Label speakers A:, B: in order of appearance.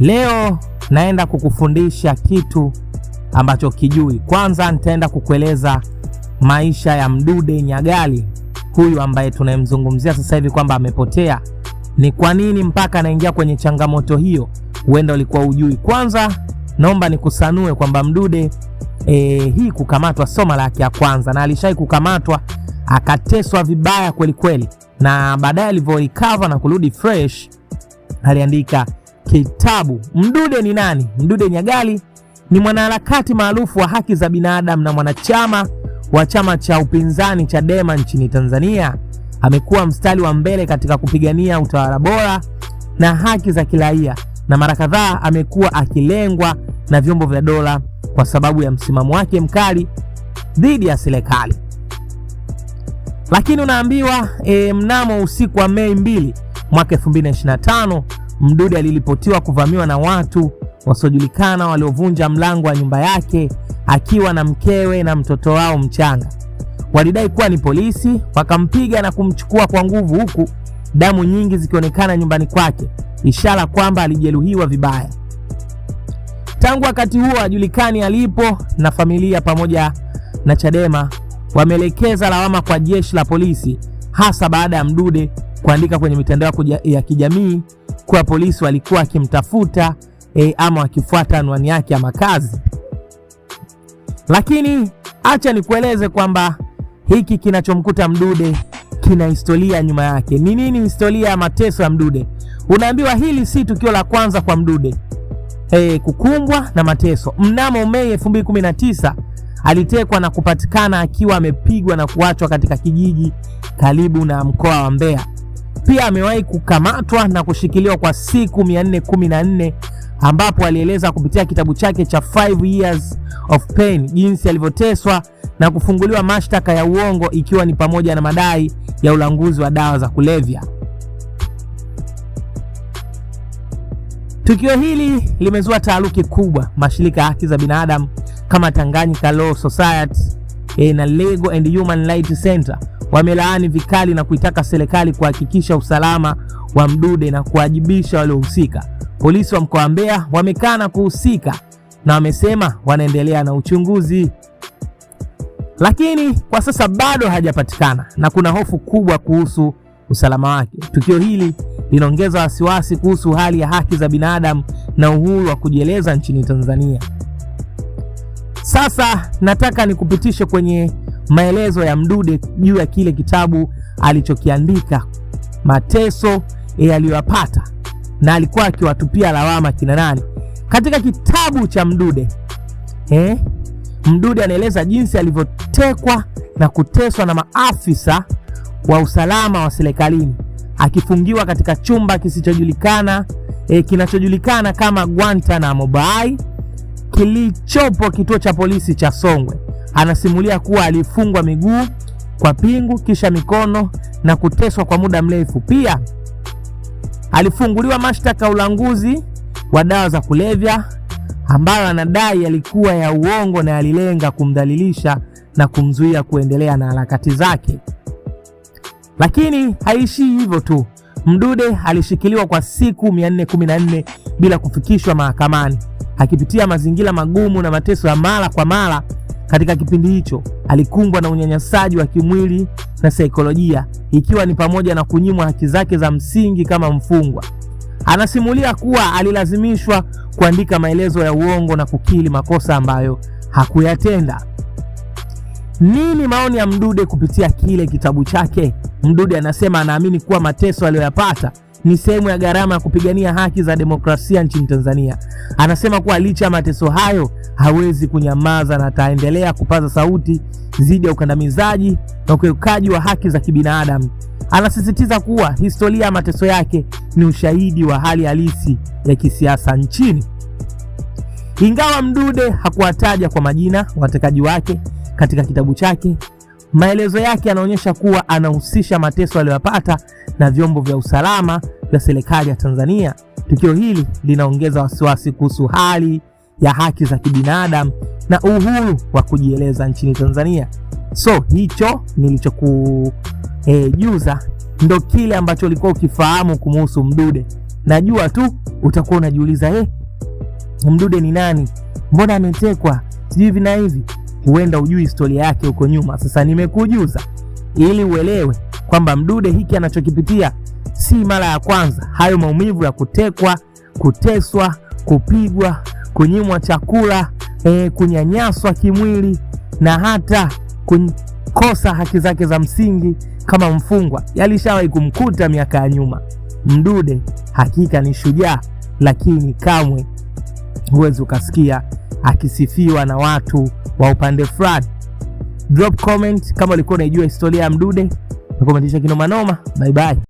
A: Leo naenda kukufundisha kitu ambacho kijui. Kwanza nitaenda kukueleza maisha ya Mdude Nyagali huyu ambaye tunayemzungumzia sasa hivi kwamba amepotea, ni kwa nini mpaka anaingia kwenye changamoto hiyo, huenda ulikuwa ujui. Kwanza naomba nikusanue kwamba Mdude e, hii kukamatwa sio mara yake ya kwanza, na alishai kukamatwa akateswa vibaya kwelikweli, na baadaye alivyo recover na kurudi fresh aliandika Kitabu. Mdude ni nani? Mdude Nyagali ni mwanaharakati maarufu wa haki za binadamu na mwanachama wa chama cha upinzani Chadema nchini Tanzania. Amekuwa mstari wa mbele katika kupigania utawala bora na haki za kiraia, na mara kadhaa amekuwa akilengwa na vyombo vya dola kwa sababu ya msimamo wake mkali dhidi ya serikali. Lakini unaambiwa e, mnamo usiku wa Mei 2 mwaka 2025 Mdude aliripotiwa kuvamiwa na watu wasiojulikana waliovunja mlango wa nyumba yake akiwa na mkewe na mtoto wao mchanga. Walidai kuwa ni polisi, wakampiga na kumchukua kwa nguvu, huku damu nyingi zikionekana nyumbani kwake, ishara kwamba alijeruhiwa vibaya. Tangu wakati huo hajulikani alipo, na familia pamoja na Chadema wameelekeza lawama kwa jeshi la polisi, hasa baada ya Mdude kuandika kwenye mitandao ya kijamii kuwa polisi walikuwa wakimtafuta e, ama wakifuata anwani yake ya makazi. Lakini acha nikueleze kwamba hiki kinachomkuta Mdude kina historia nyuma yake. Ni nini historia ya mateso ya Mdude? Unaambiwa hili si tukio la kwanza kwa Mdude e, kukumbwa na mateso. Mnamo Mei 2019 alitekwa na kupatikana akiwa amepigwa na kuachwa katika kijiji karibu na mkoa wa Mbeya. Pia amewahi kukamatwa na kushikiliwa kwa siku 414 ambapo alieleza kupitia kitabu chake cha Five Years of Pain jinsi alivyoteswa na kufunguliwa mashtaka ya uongo ikiwa ni pamoja na madai ya ulanguzi wa dawa za kulevya. Tukio hili limezua taaruki kubwa. Mashirika ya haki za binadamu kama Tanganyika Law Society eh, na Legal and Human Rights Center wamelaani vikali na kuitaka serikali kuhakikisha usalama wa Mdude na kuwajibisha waliohusika. Polisi wa mkoa wa Mbeya wamekana kuhusika na wamesema wanaendelea na uchunguzi, lakini kwa sasa bado hajapatikana na kuna hofu kubwa kuhusu usalama wake. Tukio hili linaongeza wasiwasi kuhusu hali ya haki za binadamu na uhuru wa kujieleza nchini Tanzania. Sasa nataka nikupitishe kwenye maelezo ya Mdude juu ya kile kitabu alichokiandika, mateso yaliyoyapata, e, na alikuwa akiwatupia lawama kina nani katika kitabu cha Mdude eh? Mdude anaeleza jinsi alivyotekwa na kuteswa na maafisa wa usalama wa serikalini akifungiwa katika chumba kisichojulikana e, kinachojulikana kama Guantanamo Bay kilichopo kituo cha polisi cha Songwe anasimulia kuwa alifungwa miguu kwa pingu kisha mikono na kuteswa kwa muda mrefu. Pia alifunguliwa mashtaka ya ulanguzi wa dawa za kulevya ambayo anadai yalikuwa ya uongo na yalilenga kumdhalilisha na kumzuia kuendelea na harakati zake. Lakini haishii hivyo tu. Mdude alishikiliwa kwa siku 414 bila kufikishwa mahakamani, akipitia mazingira magumu na mateso ya mara kwa mara katika kipindi hicho alikumbwa na unyanyasaji wa kimwili na saikolojia, ikiwa ni pamoja na kunyimwa haki zake za msingi kama mfungwa. Anasimulia kuwa alilazimishwa kuandika maelezo ya uongo na kukiri makosa ambayo hakuyatenda. Nini maoni ya Mdude kupitia kile kitabu chake? Mdude anasema anaamini kuwa mateso aliyoyapata ni sehemu ya gharama ya kupigania haki za demokrasia nchini Tanzania. Anasema kuwa licha ya mateso hayo hawezi kunyamaza na ataendelea kupaza sauti dhidi ya ukandamizaji na ukiukaji wa haki za kibinadamu. Anasisitiza kuwa historia ya mateso yake ni ushahidi wa hali halisi ya kisiasa nchini. Ingawa Mdude hakuwataja kwa majina watekaji wake katika kitabu chake, maelezo yake yanaonyesha kuwa anahusisha mateso aliyoyapata na vyombo vya usalama la serikali ya Tanzania. Tukio hili linaongeza wasiwasi kuhusu hali ya haki za kibinadamu na uhuru wa kujieleza nchini Tanzania. So hicho nilichokujuza e, ndo kile ambacho ulikuwa ukifahamu kumuhusu Mdude. Najua tu utakuwa unajiuliza eh, Mdude ni nani? Mbona ametekwa? Sijui hivi na hivi. Huenda ujui historia yake huko nyuma. Sasa nimekujuza ili uelewe kwamba Mdude hiki anachokipitia si mara ya kwanza. Hayo maumivu ya kutekwa, kuteswa, kupigwa, kunyimwa chakula, e, kunyanyaswa kimwili na hata kukosa haki zake za msingi kama mfungwa yalishawahi kumkuta miaka ya nyuma. Mdude hakika ni shujaa, lakini kamwe huwezi ukasikia akisifiwa na watu wa upande fulani. Drop comment kama ulikuwa unaijua historia ya Mdude, nakomentisha kinomanoma. Bye bye.